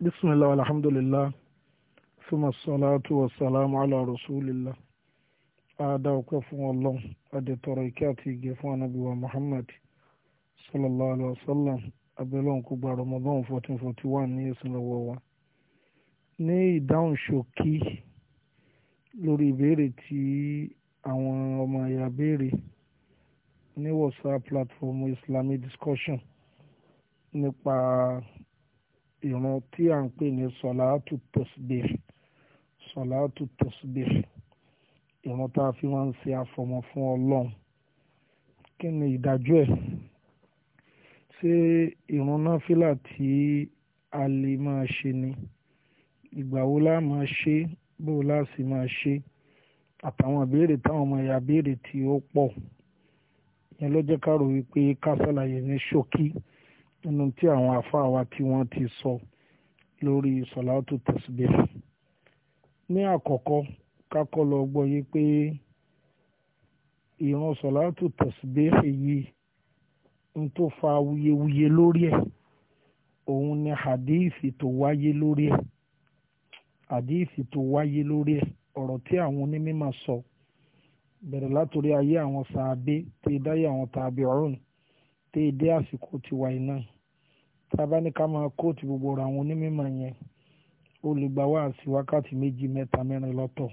bisimilah alhamdulilah suma salatu wa salamu ala rasulillah ada ọpẹ́ fún Ọlọ́run adetọrọ ìkẹ́ àti ìgẹ́ fún anabiwa muhammad sallallahu alayhi wa sallam abẹ́lọ́run kó gba ramadan fourteen forty one ní ẹ̀sìn lọ́wọ́ wa ní ìdáhùn ṣókí lórí ìbéèrè tí àwọn ọmọ ẹ̀yà béèrè ní whatsapp platform islamic discussion nípa ìrun tí à ń pè ní sọláàtù tasbih sọláàtù tasbih ìrun tá a fi máa ń ṣe àfọmọ fún ọlọ́run kí ni ìdájọ́ ẹ̀ ṣé ìrun náfìlà tí a lè máa ṣe ni ìgbà wo la máa ṣe bó la sì máa ṣe àtàwọn ìbéèrè táwọn ọmọ ẹ̀yà béèrè tí ó pọ̀ yẹn ló jẹ́ ká rò wípé ká ṣàlàyé ní ṣókí nínú tí àwọn àfáà wa tí wọ́n ti sọ lórí sọ̀láàtù tasbih ní àkọ́kọ́ kákọ́ lọ gbọ́ yé pé ìran sọ̀láàtù tasbih yìí ń tó fa wuyewuye lórí ẹ̀ òun ni hadithi tó wáyé lórí ẹ̀ hadithi tó wáyé lórí ẹ̀ ọ̀rọ̀ tí àwọn onímọ̀ sọ bẹ̀rẹ̀ látòrí ayé àwọn sàábé tí dáyé àwọn tàbí ọ̀rùn déédé àsìkò tiwa iná tá a bá ní ká máa kóòtù gbogbo ọ̀rọ̀ àwọn onímọ̀ yẹn ó lè gbà wá sí wákàtí méjì mẹ́ta mẹ́rin lọ́tọ̀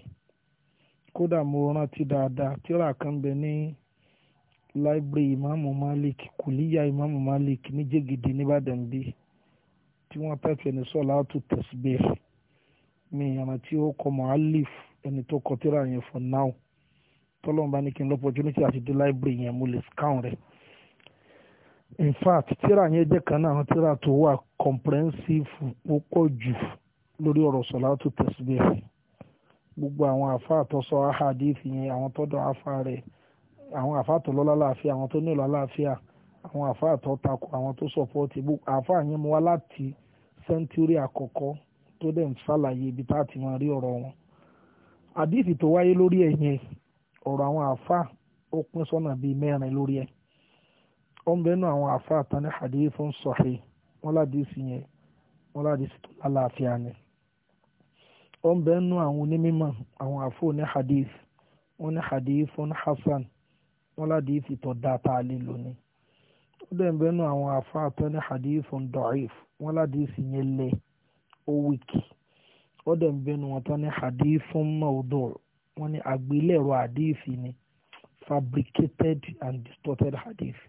kódà mo rántí dáadáa tíra kan bẹ ní láìbírì ìmáàmù Malik kùlíyà ìmáàmù Malik ní Jégede nìbàdàn bí tí wọ́n pẹ́fẹ́ ní sọ́ọ̀lá tó tẹ̀síbẹ̀ mi ìyàrán tí ó kọ alif, ẹni tó kọ tíra yẹn for now tọ́lọ́mùbá ní kí n lọ́pọ̀ opportunity àti dé láìbírì yẹn mo lè scout rẹ̀ in fact tíra yẹn jẹ́ kan náà àwọn tíra tó wà comprehensive púpọ̀ jù lórí ọ̀rọ̀ sọ̀látù tasbih gbogbo àwọn àfáà tó sọ ahadith yẹn àwọn tó dán afáà rẹ̀ àwọn àfáà tó lọ́lá láàfíà àwọn tó nílò láàfíà àwọn àfáà takò àwọn tó sọ̀pọ̀tì àfáà yẹn mú wá láti sẹ́ńtúrì àkọ́kọ́ tó dẹ̀ ń ṣàlàyé ibi tá a ti máa rí ọ̀rọ̀ wọn. àdìsí tó wáyé lórí ẹ̀ yẹn ọ̀rọ̀ àwọn àfáà ó pín sọ́nà bíi mẹ́rin lórí ẹ̀ ó ń bẹnu àwọn àáfàá tán ní hadithun sahih wọn ládìsí yẹn wọn ládìsí tó lálàáfíà ni ó ń bẹnu àwọn onímọ̀ àwọn àáfàá ní hadith wọn ní hadithun hasan wọn ládìsí tó dáa tá a lè lò ní ó dẹ̀ ń bẹnu àwọn àáfàá tán ní hadithun da'if wọn ládìsí yẹn lẹ̀ ó wíkì ó dẹ̀ ń bẹnu wọn tán ní hadithun mawdu' wọn ní àgbélẹ̀rọ hadith ni fabricated and distorted hadith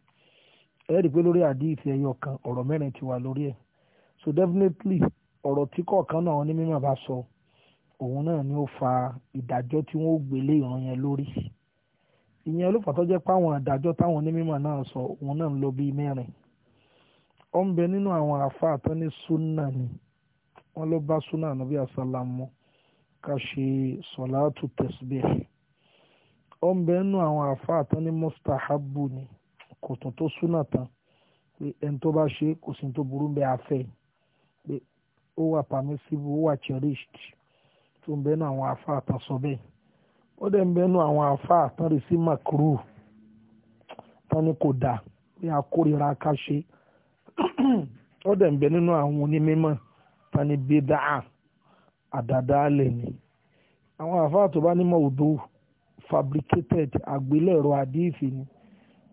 ẹ rí i pé lórí àdíìsì ẹyọ kan ọ̀rọ̀ mẹ́rin ti wà lórí ẹ̀ so definitely ọ̀rọ̀ tí kọ̀ọ̀kan náà ní mímọ̀ bá sọ òun náà ni ó fa ìdájọ́ tí wọ́n ó gbélé ìran yẹn lórí ìyẹn ló fà tó jẹ́ pé àwọn àdájọ́ táwọn onímọ̀ náà sọ òun náà ń lọ bíi mẹ́rin ó ń bẹ nínú àwọn àáfàá tán ní súnà ni wọ́n ló bá súnà ànábì àsálàmù ká ṣe sọ̀láàtù tẹ̀síbẹ̀ ó ń bẹ nínú àwọn àáfàá tán ní mustahabu ni kò tún tó súnà tán pé ẹni tó bá ṣe kò sí tó burú bẹ́ẹ̀ afẹ́ pé ó wà permissible ó wà cherished tó ń bẹ́nu àwọn afá àtàn sọ bẹ́ẹ̀ ó dẹ̀ ń bẹ́nu àwọn afá àtàn rè sí makru tán ni kò dà pé a ká ṣe ó dẹ̀ ń bẹ nínú àwọn onímọ̀ tán ni bídáà àdàdálẹ̀ ni àwọn àfáà tó bá ní mọ̀ọ́dọ́ fabricated àgbélẹ̀rọ àdíìsì ni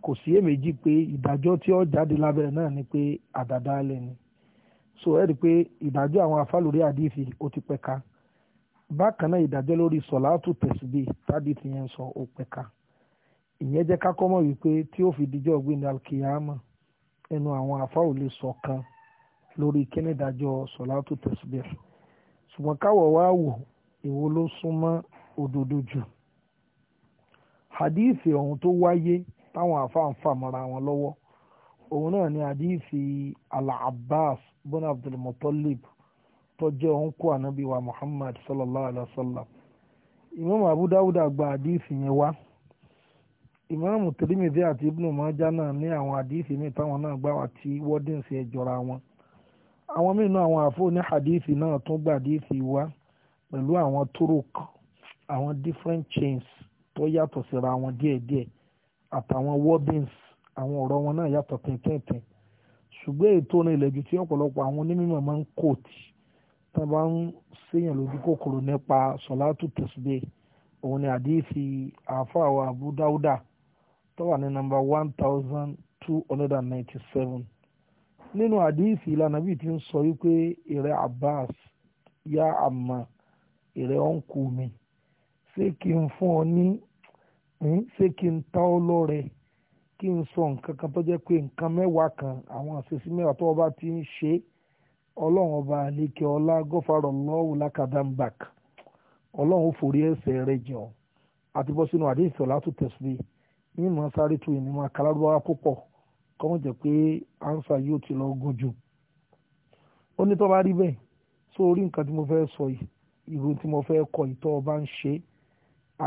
kò sí èméjì pé ìdájọ́ tí ó jáde lábẹ́rẹ́ náà ni pé àdàdà alẹ́ ni so ẹ rí i pé ìdájọ́ àwọn afá lórí àdìsí ó ti pẹ̀ka bákan náà ìdájọ́ lórí sọ̀láàtù tẹ̀síbì tádì ti yẹn sọ ó pẹ̀ka ìyẹn jẹ́ ká kọ́mọ̀ wípé tí ó fi dijọ́ gbẹ̀ndà kìyàmọ̀ ẹnu àwọn afá ò lè sọ kan lórí kíní ìdájọ́ sọ̀láàtù tẹ̀síbì ṣùgbọ́n káwọ̀ wá wò èwo ló súnmọ́ òdodo jù hadithi ọ̀hún tó wáyé táwọn àfáà ń fà wọn lọ́wọ́ òun náà ni àdífi al-abbas bin abdulmutalib tó jẹ́ òǹkù ànábì wa muhammad sallallahu alayhi wa sallam imam abu dawud gba àdífi yẹn wá imam tirimidi àti ibnu maja náà ní àwọn àdífi míì táwọn náà gbà wá tí wọ́dìn sí ẹjọ́ra wọn àwọn míì náà àwọn àfọ ní àdífi náà tún gba àdífi wá pẹ̀lú àwọn turuk àwọn different chains tó yàtọ̀ síra wọn díẹ̀díẹ̀ àtàwọn wardens àwọn ọ̀rọ̀ wọn náà yàtọ̀ tẹ̀tẹ̀tẹ̀ ṣùgbọ́n ètò ní ilẹ̀ ju tí ọ̀pọ̀lọpọ̀ àwọn onímọ̀ máa ń kóòtì tí wọ́n bá ń ṣèyàn lójú kòkòrò nípa sọ̀látù tẹ̀sídẹ̀ òun ni àdìsí àfàwọ̀ Abu Dauda tó wà ní nọ́mbà one thousand two hundred and ninety seven nínú àdìsí ìlànà bíi ti ń sọ wípé ìrẹ́ Abbas yá àmà ìrẹ́ ọ̀nkù mi ṣé kí n fún ọ ní Hmm? ṣé kí n ta ọ́ lọ́rẹ kí n sọ nǹkan kan tó jẹ́ pé nǹkan mẹ́wàá kan àwọn àṣeṣí mẹ́wàá tó bá ti ń ṣe ọlọ́run ọba àlekè ọlá gọ́fàrọ̀ lọ́wọ́ lákàdánbàk ọlọ́run ó forí ẹ̀ṣẹ̀ rẹ̀ jẹun àti bọ́ sínú àdéhùn ìṣọ̀lá tó tẹ̀sílẹ̀ yìí mọ̀ sáré tu ìnìmọ̀ akálárúbáwá púpọ̀ kọ́mọ̀ jẹ́ pé ansa yóò ti lọ gùn jù ó ní tó bá rí bẹ́ẹ̀ sórí nǹkan tí mo fẹ́ sọ ìròyìn tí mo fẹ́ kọ ìtọ́ ọba ń ṣe é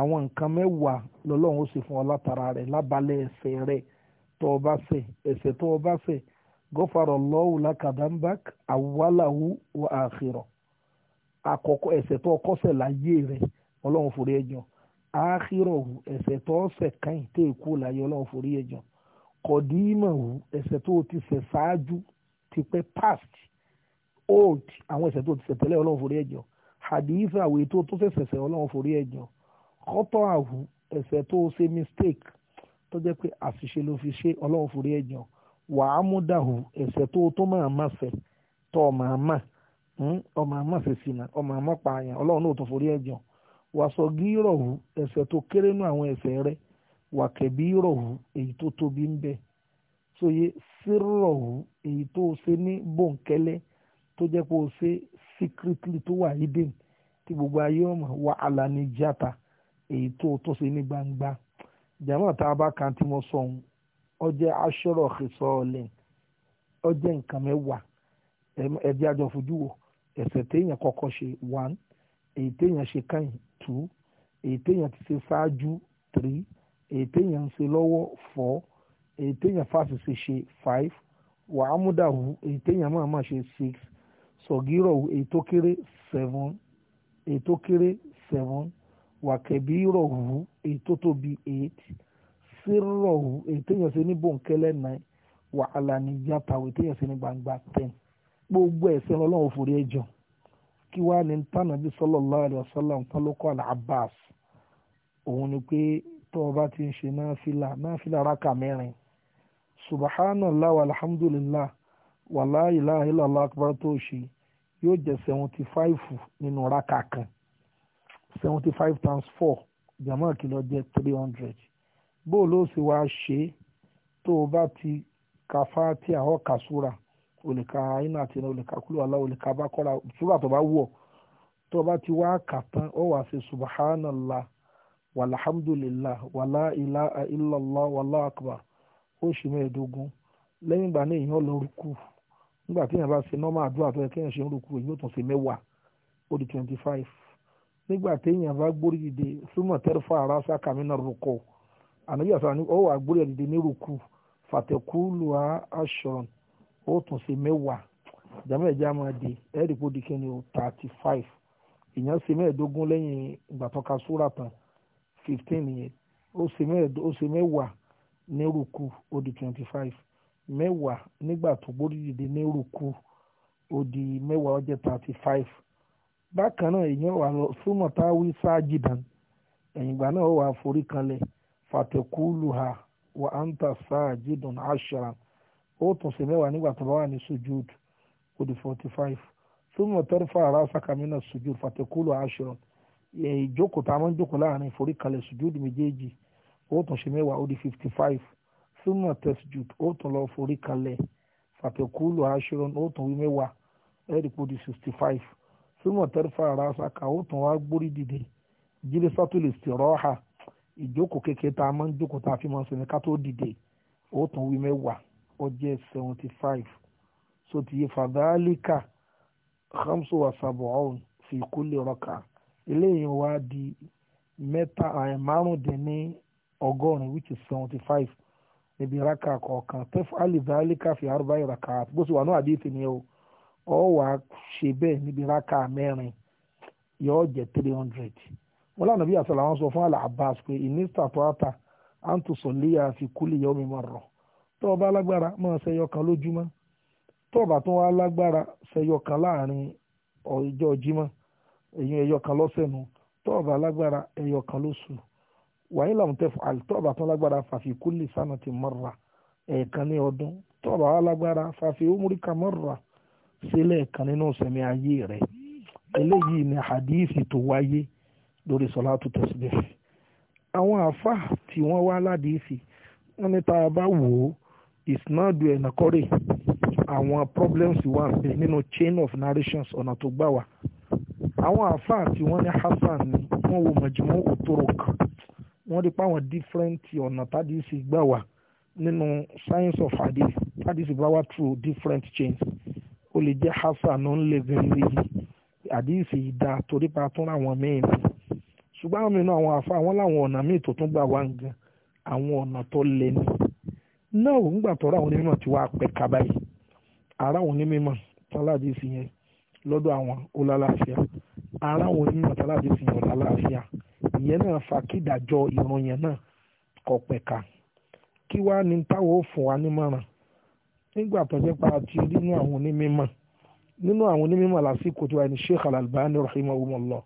àwọn nǹkan mẹ́wàá lọ́lọ́run ó ṣe fún ọ látara rẹ̀ lábalẹ̀ ẹ̀ṣẹ̀ rẹ̀ tó o bá ṣẹ̀ ẹ̀ṣẹ̀ tó o bá ṣẹ̀ gọ́fàrọ̀ lọ́wọ́ làkàdánbák àwòwálàwù wà àkìrọ̀ àkọ́kọ́ ẹ̀ṣẹ̀ tó o kọ́ṣẹ̀ láyé rẹ̀ ọlọ́run forí ẹ̀jọ̀ àkìrọ̀ wù ẹ̀ṣẹ̀ tó o ṣẹ̀ káyìn tó o kú láyé ọlọ́run forí ẹ̀jọ̀ kọ̀dímọ̀ wù ẹ̀ṣẹ̀ tó o ti ṣẹ̀ ṣáájú ti pẹ́ past old àwọn ẹ̀ṣẹ̀ tó o ti ṣẹ̀ tẹ́lẹ̀ ọlọ́run forí ẹ̀jọ̀ hadith àwòye tó o tó ṣẹ̀ṣẹ̀ ọlọ́run forí ẹ̀jọ̀ kọ́tọ́ ahụ ẹ̀ṣẹ̀ tó ṣe mistake tó jẹ́ pé àṣìṣe ló fi ṣe ọlọ́run forí ẹ̀jọ̀ wà á mú dàhù ẹ̀ṣẹ̀ tó tó máa má ṣẹ̀ tó ọmọ àmà ọmọ àmà ṣe sí náà ọmọ àmà pààyàn ọlọ́run náà tó forí wà sọ tó kéré nú àwọn wà kẹ̀bí rọ̀hù èyí tó tóbi ń bẹ èyí tó secretly tó wà hidden gbogbo ayé ọmọ wà èyí tó tó ṣe ní gbangba jàmọ́ tá a bá kan tí mo sọ ohun ọjẹ́ aṣọ́rọ̀ ọ̀hìnsọ́ọ̀lẹ̀ ọjẹ́ nǹkan mẹ́wàá ẹ̀dí àjọ fojú wo ẹ̀ṣẹ̀ téèyàn kọ́kọ́ ṣe one èyí téèyàn ṣe kẹ́yìn two èyí téèyàn ti ṣe ṣáájú three èyí téèyàn ń ṣe lọ́wọ́ four èyí téèyàn fásitì ṣe five wàhámúdàwù èyí téèyàn máa máa ṣe six sọ̀gírọ̀wù èyí tó kéré seven èyí tó kéré seven wàkẹ́bí rọ̀hù èyí tó tóbi eight sírọ̀hù èyí téèyàn ṣe ní bòńkẹ́lẹ́ nine wàhálà níjàpá èyí téèyàn ṣe ní gbangba ten gbogbo ẹ̀ṣẹ̀ ọlọ́run forí ẹ̀ kí wàá ní tànàbí sallallahu alaihi wasallam nǹkan ló kọ́ àlà abbas òun ni pé tó o bá ti ń ṣe náfìlà náfìlà rákà mẹ́rin subhanallah walhamdulillah wàlá ilaha illallah akbar tó ṣe yóò jẹ́ seventy five nínú rákà kan seventy five times four jàmọ́ kìlọ̀ jẹ́ three hundred bó ló sì wá ṣe tó o bá ti ka fáti àwọn kàṣúra o lè ka iná àti iná o lè ka kúlò bákọ́ra ṣúra tó bá wọ̀ tó o bá ti wá kà tán ó wàá ṣe subhanallah walhamdulillah wàlá ilaha illallah wallahu akbar ó ṣì mẹ́ẹ̀ẹ́dógún lẹ́yìn ìgbà náà èèyàn lọ rúkú nígbà tí èèyàn bá ṣe nọ́mà àdúrà tó yẹ kéèyàn ṣe ń rúkú èèyàn ó tún ṣe mẹ́wàá ó di twenty five nígbà téèyàn bá gbórí dìde súnmọ̀ tẹ́rẹ́fà ara sáka mi náà rúkọ ànábì àṣà ni ó wà gbórí dìde ní rúkú fàtẹ́kù lùhà aṣọ̀rọ̀ ó tún ṣe mẹ́wàá jàmọ́ ẹ̀jẹ̀ máa di ẹ̀ẹ́dì di kíni o thirty five èèyàn ṣe mẹ́ẹ̀ẹ́dógún lẹ́yìn ìgbà tó ka tán fifteen yẹn ó ṣe mẹ́wàá ní rúkú ó di twenty five mẹ́wàá nígbà tó gbórí dìde ní rúkú ó di mẹ́wàá ó jẹ́ thirty five bákan náà èèyàn wà lọ súnmọ́ táwí sáàjìdán ẹ̀yìn ìgbà náà ó wà forí kanlẹ̀ fàtẹ̀kùlùhà wà á ń tà sáàjìdán àṣàrà ó tún ṣe mẹ́wàá nígbà tó bá wà ní sujud ó forty five súnmọ́ tẹ́rifà ara sàkàmínà sujud fàtẹ̀kùlù àṣàrà ẹ̀yìn ìjókòó tá a máa ń jókòó láàrin forí kanlẹ̀ sujud méjèèjì ó tún ṣe mẹ́wàá ó fifty five súnmọ́ tẹ́sujud ó tún lọ forí kanlẹ̀ fàtẹ̀kùlù àṣàrà ó tún sixty five súnmọ̀ tẹ́rifà rasa káwọ́ tán wá gbórí dìde jírí sọ́tùlì sí rọ́ọ̀hà ìjókòó kékeré tá a máa ń jókòó tá a fi máa ń sinmi ká tó dìde ó tún wí mẹ́wàá ó jẹ́ seventy five so ti yé fàdálíkà hamsu wasabuhun fi kulli rọ́kà eléyìí wá di mẹ́ta márùndínní ọgọ́rùn-ún which is seventy five níbi raka kọ̀ọ̀kan tẹ́fù alìdálíkà fi arúbáyé raka bó ti wà ní àdéhìí nìyẹn o ọ wà á ṣe bẹ́ẹ̀ níbi rákà mẹ́rin yóò jẹ́ three hundred wọn lànà bí àṣà làwọn sọ fún àlà Abbas pé ìnísítà tó àtà à ń tòṣọ léyà fi kúlì yọ mi mọ̀ rọ̀ tó o bá lágbára máa ṣẹyọ kan lójúmọ́ tó o bá tún wá lágbára ṣẹyọ kan láàrin ọjọ́ jímọ̀ èyí ẹyọ kan lọ́sẹ̀ nu tó o bá lágbára ẹyọ kan lóṣù wàyí làwọn tẹ fún àlè tó o bá tún lágbára fàfi kúlì sànà ti mọ̀ra ẹ̀ẹ̀kan ní ọdún tó o bá lágbára fàfi ó múrí mọ̀ra sílẹ̀ kan nínú ìsẹ̀mí ayé rẹ̀ eléyìí ni hadithi tó wáyé lórí sọlátù tasbih àwọn àfa tí wọ́n wá ládìísì wọ́n ní tá a bá wò ó ìsinádù ẹ̀nàkọ́rè àwọn problems wà bẹ́ẹ̀ nínú chain of narrations ọ̀nà tó gbà wá àwọn àfa tí wọ́n ní hasan ni wọ́n wo mọ̀jùmọ́ òtòrọ̀k wọ́n rí páwọn different ọ̀nà tádìísì gbà wá nínú science of hadith Hadith bá wá through different chains ó lè jẹ́ hasanu ńlẹ̀gẹ̀rẹ̀ àdìsí ìdá torí pa tún ráwọn míì ni ṣùgbọ́n àwọn mìíràn àwọn àfa àwọn láwọn ọ̀nà míì tó tún gbà wá ń gan àwọn ọ̀nà tó lẹ ní náà ò ń gbà tọ́ra àwọn onímọ̀ tí wàá pẹ́ ara àwọn onímọ̀ yẹn lọ́dọ̀ àwọn olálàáfíà ara àwọn onímọ̀ yẹn olálàáfíà ìyẹn náà fa ìrun nígbà tó jẹ́ pa àti nínú àwọn onímọ̀ nínú àwọn onímọ̀ lásìkò tí wà ní Sheikh Al-Albani rahimahumullah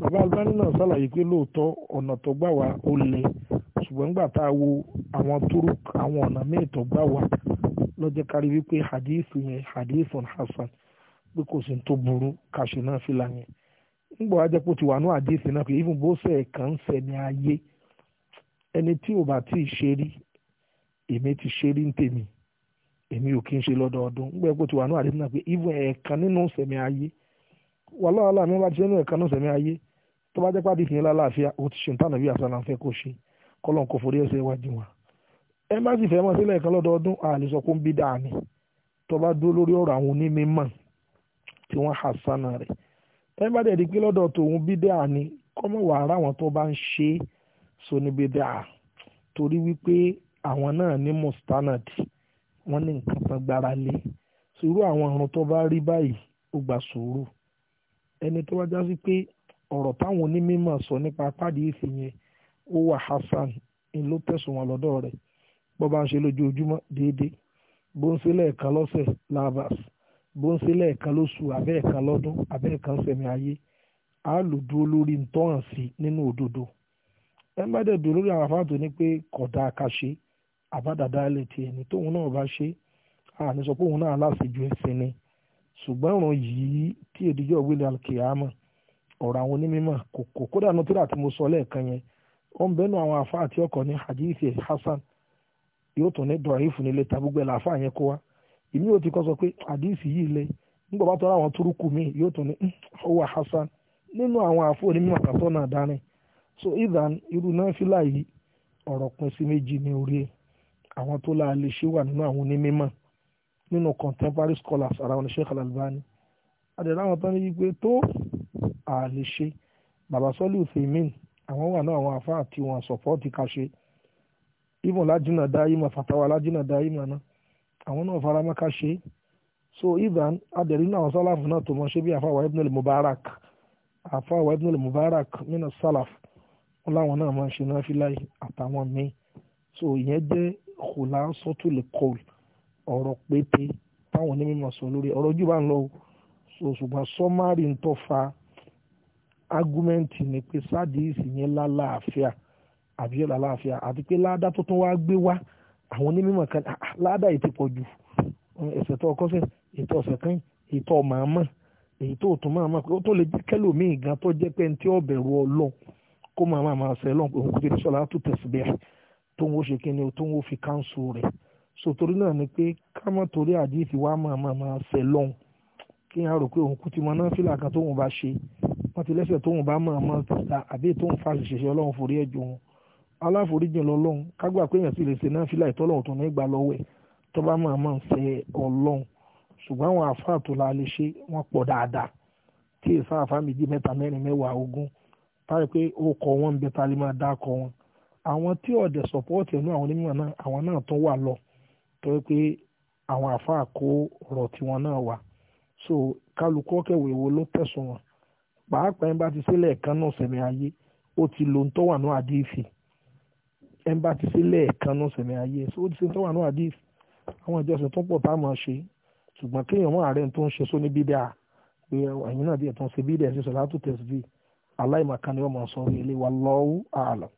bàbá Albani náà ṣàlàyé pé lóòótọ́ ọ̀nà tó gbà wá ó le ṣùgbọ́n nígbà tá a wo àwọn turuk àwọn ọ̀nà míì tó gbà wá lọ́jọ́ kárí wípé hadith yẹn hadithun hasan pé kò sí tó burú kàṣù náà fi là yẹn nígbà wá jẹ́ pé ó ti wà ní hadith náà pé even bó ṣe kàn ń ní ayé ẹni tí ò bá tí ì ṣe rí èmi ti ṣe rí ń tèmi èmi ò kí n ṣe lọ́dọọdún nígbà pé ti wà ní àdéhùn náà pé even ẹ̀ẹ̀kan nínú sẹ̀mí ayé wàhálà wàhálà mi bá ti ṣe nínú ẹ̀ẹ̀kan nínú sẹ̀mí ayé tó bá jẹ́ pàdé ìfìyàn lálàáfíà ó ti ṣe ń tànà bí àṣàlà ń fẹ́ kó ṣe kọ́lọ́n kò forí ẹsẹ̀ wájú wa ẹ bá sì fẹ́ mọ́ sílẹ̀ ẹ̀ẹ̀kan lọ́dọọdún a lè sọ pé ń bí dáa ni tó bá dúró lórí ọ̀rọ̀ àwọn onímọ̀ tí wọ́n hà sánà rẹ̀ ẹ bá dẹ̀ di pé lọ́dọ̀ tòun bí dáa ni kọ́mọ̀ wà ara àwọn tó bá ń ṣe so níbi dáa torí wípé àwọn náà ní wọ́n ní nǹkan kan gbára lé sùúrù àwọn ọ̀run tó bá rí báyìí ó gba sùúrù ẹni tó wá já sí pé ọ̀rọ̀ táwọn onímọ̀ sọ nípa pàdé èsì yẹn ó wà hasan ń ló tẹ̀sùn wọn lọ́dọ̀ rẹ̀ bó bá ń ṣe lójoojúmọ́ déédéé bó ń ṣe lẹ́ẹ̀kan lọ́sẹ̀ lavas bó ń ṣe lẹ́ẹ̀kan lóṣù abẹ́ẹ̀kan lọ́dún abẹ́ẹ̀kan sẹ̀mí ayé á lò dúró lórí ntọ́hàn sí nínú òdodo ẹ má dẹ̀ dúró lórí àwọn afáàtò ní pé kódà àkàṣe abadada ilẹ̀ eni t'ohun tóun náà bá ṣe àní sọ pé òun náà aláṣejù ẹ̀sìn ni ṣùgbọ́n ọ̀ràn yìí tí èdèjọ́ ìwélé alkiyama ọ̀rọ̀ àwọn onímọ̀ kò kódà nu tíra tí mo sọ lẹ́ẹ̀kan yẹn ó ń bẹ́nu àwọn àfa àti ọkọ̀ ní hadithi hasan yóò tún ní dọ̀rífù nílé ta gbogbo ẹ̀ làáfà yẹn kó wa èmi yóò ti kọ́ sọ pé hadithi yìí lẹ nígbà bá tọ́ra mi hmm, so idan irú náà fìlà yìí ọ̀rọ̀ pín àwọn tó láà lè ṣe wà nínú àwọn onímọ̀ nínú contemporary scholars ara wọn ni Sheikh Al-Albani àdèrè àwọn tó ní wípé tó à lè ṣe bàbá sọ́lì òfèmín àwọn wà náà àwọn àfáà tí wọ́n sọ̀pọ́ọ̀tì ká ṣe ibùn lájìnà dá ìmọ̀ fatawa lájìnà dá ìmọ̀ náà àwọn náà fara mọ́ ká ṣe é so ivan adẹ̀rí náà sálàfù náà tó mọ̀ ṣe bí àfáwà ibnul mubarak àfáwà ibnul mubarak mina sálàf wọn láwọn náà máa ń ṣe náà fíláì àtàwọn míì so ìyẹn jẹ́ kòláńsọ́tòlè kọ́ọ̀lù ọ̀rọ̀ pété táwọn onímọ̀ sọ lórí ọ̀rọ̀ ojú bá ń lọ ṣùgbọ́n sọ́márì ń tọ́ fa ágúmẹ́ǹtì ni pé sádìísì yẹn lálàáfíà àbí yẹn lálàáfíà àti pé ládá tó tún wáá gbé wá àwọn onímọ̀ kan ah, ah, ládá ètò pọ̀ jù ẹ̀sẹ̀ tó ọkọ́ sẹ̀ ètò ọ̀sẹ̀ kan ètò ọ̀mọ̀ọ́mọ̀ èyí tó tún máa máa pé ó tó lè jẹ́ kẹ́lòmíì gan tó jẹ́ pé ní tí ó bẹ̀rù ọlọ́run kó máa máa máa sẹ́ lọ́n tó ń wo ṣe kíni o tó ń wo fi káńsù rẹ̀ so torí náà ni pé ká má torí àdìsí wa máa máa máa fẹ́ lọ́hùn kí n á rò pé òun kú ti mọ náà fìlà kan tóun bá ṣe wọ́n ti lẹ́sẹ̀ tóun bá máa máa ta àbí tóun fa ṣẹ̀ṣẹ̀ ọlọ́run forí ẹ̀jọ̀ wọn aláforíjìn lọ́lọ́run kágbà pé èèyàn sì lè ṣe náà fìlà ìtọ́lọ́run tó ní gbà lọ́wọ́ ẹ̀ tó bá máa máa fẹ́ ọlọ́run ṣùgbọ́n àwọn àáfàá tó la lè ṣe wọ́n pọ̀ dáadáa tí èèfà àáfàá méjì mẹ́ta mẹ́rin mẹ́wàá ogún táyà pé ó kọ wọn bẹ́ẹ̀ tá a lè máa dá kọ wọn àwọn tí ọ̀dẹ̀ sọ̀pọ́ọ̀tì ẹ̀nu àwọn onímọ̀ náà àwọn náà tún wà lọ torí pé àwọn àfáà kó ọ̀rọ̀ tiwọn náà wà so kálukú ọ̀kẹ́wò èwo ló tẹ̀sùn wọn pàápàá ẹ̀ ń bá ti sílẹ̀ kan náà sẹ̀mí ayé ó ti lo ntọ́ wà náà àdéhìfì ẹ̀ ń bá ti sílẹ̀ kan náà sẹ̀mí ayé so ó ti ṣe ntọ́ wà náà àdéhìfì àwọn ìjọsìn tó pọ̀ táwọn máa ṣe ṣùgbọ́n kéèyàn mọ́ àárẹ̀ tó ń ṣe sóní bídà pé ẹ̀yin náà díẹ̀ tó ń ṣe bídà ẹ̀ ṣe sọ̀rọ̀ àtúntẹ̀sí aláìmọ̀kan ni wọ́n máa sọ ilé wa lọ́wọ́ àlọ́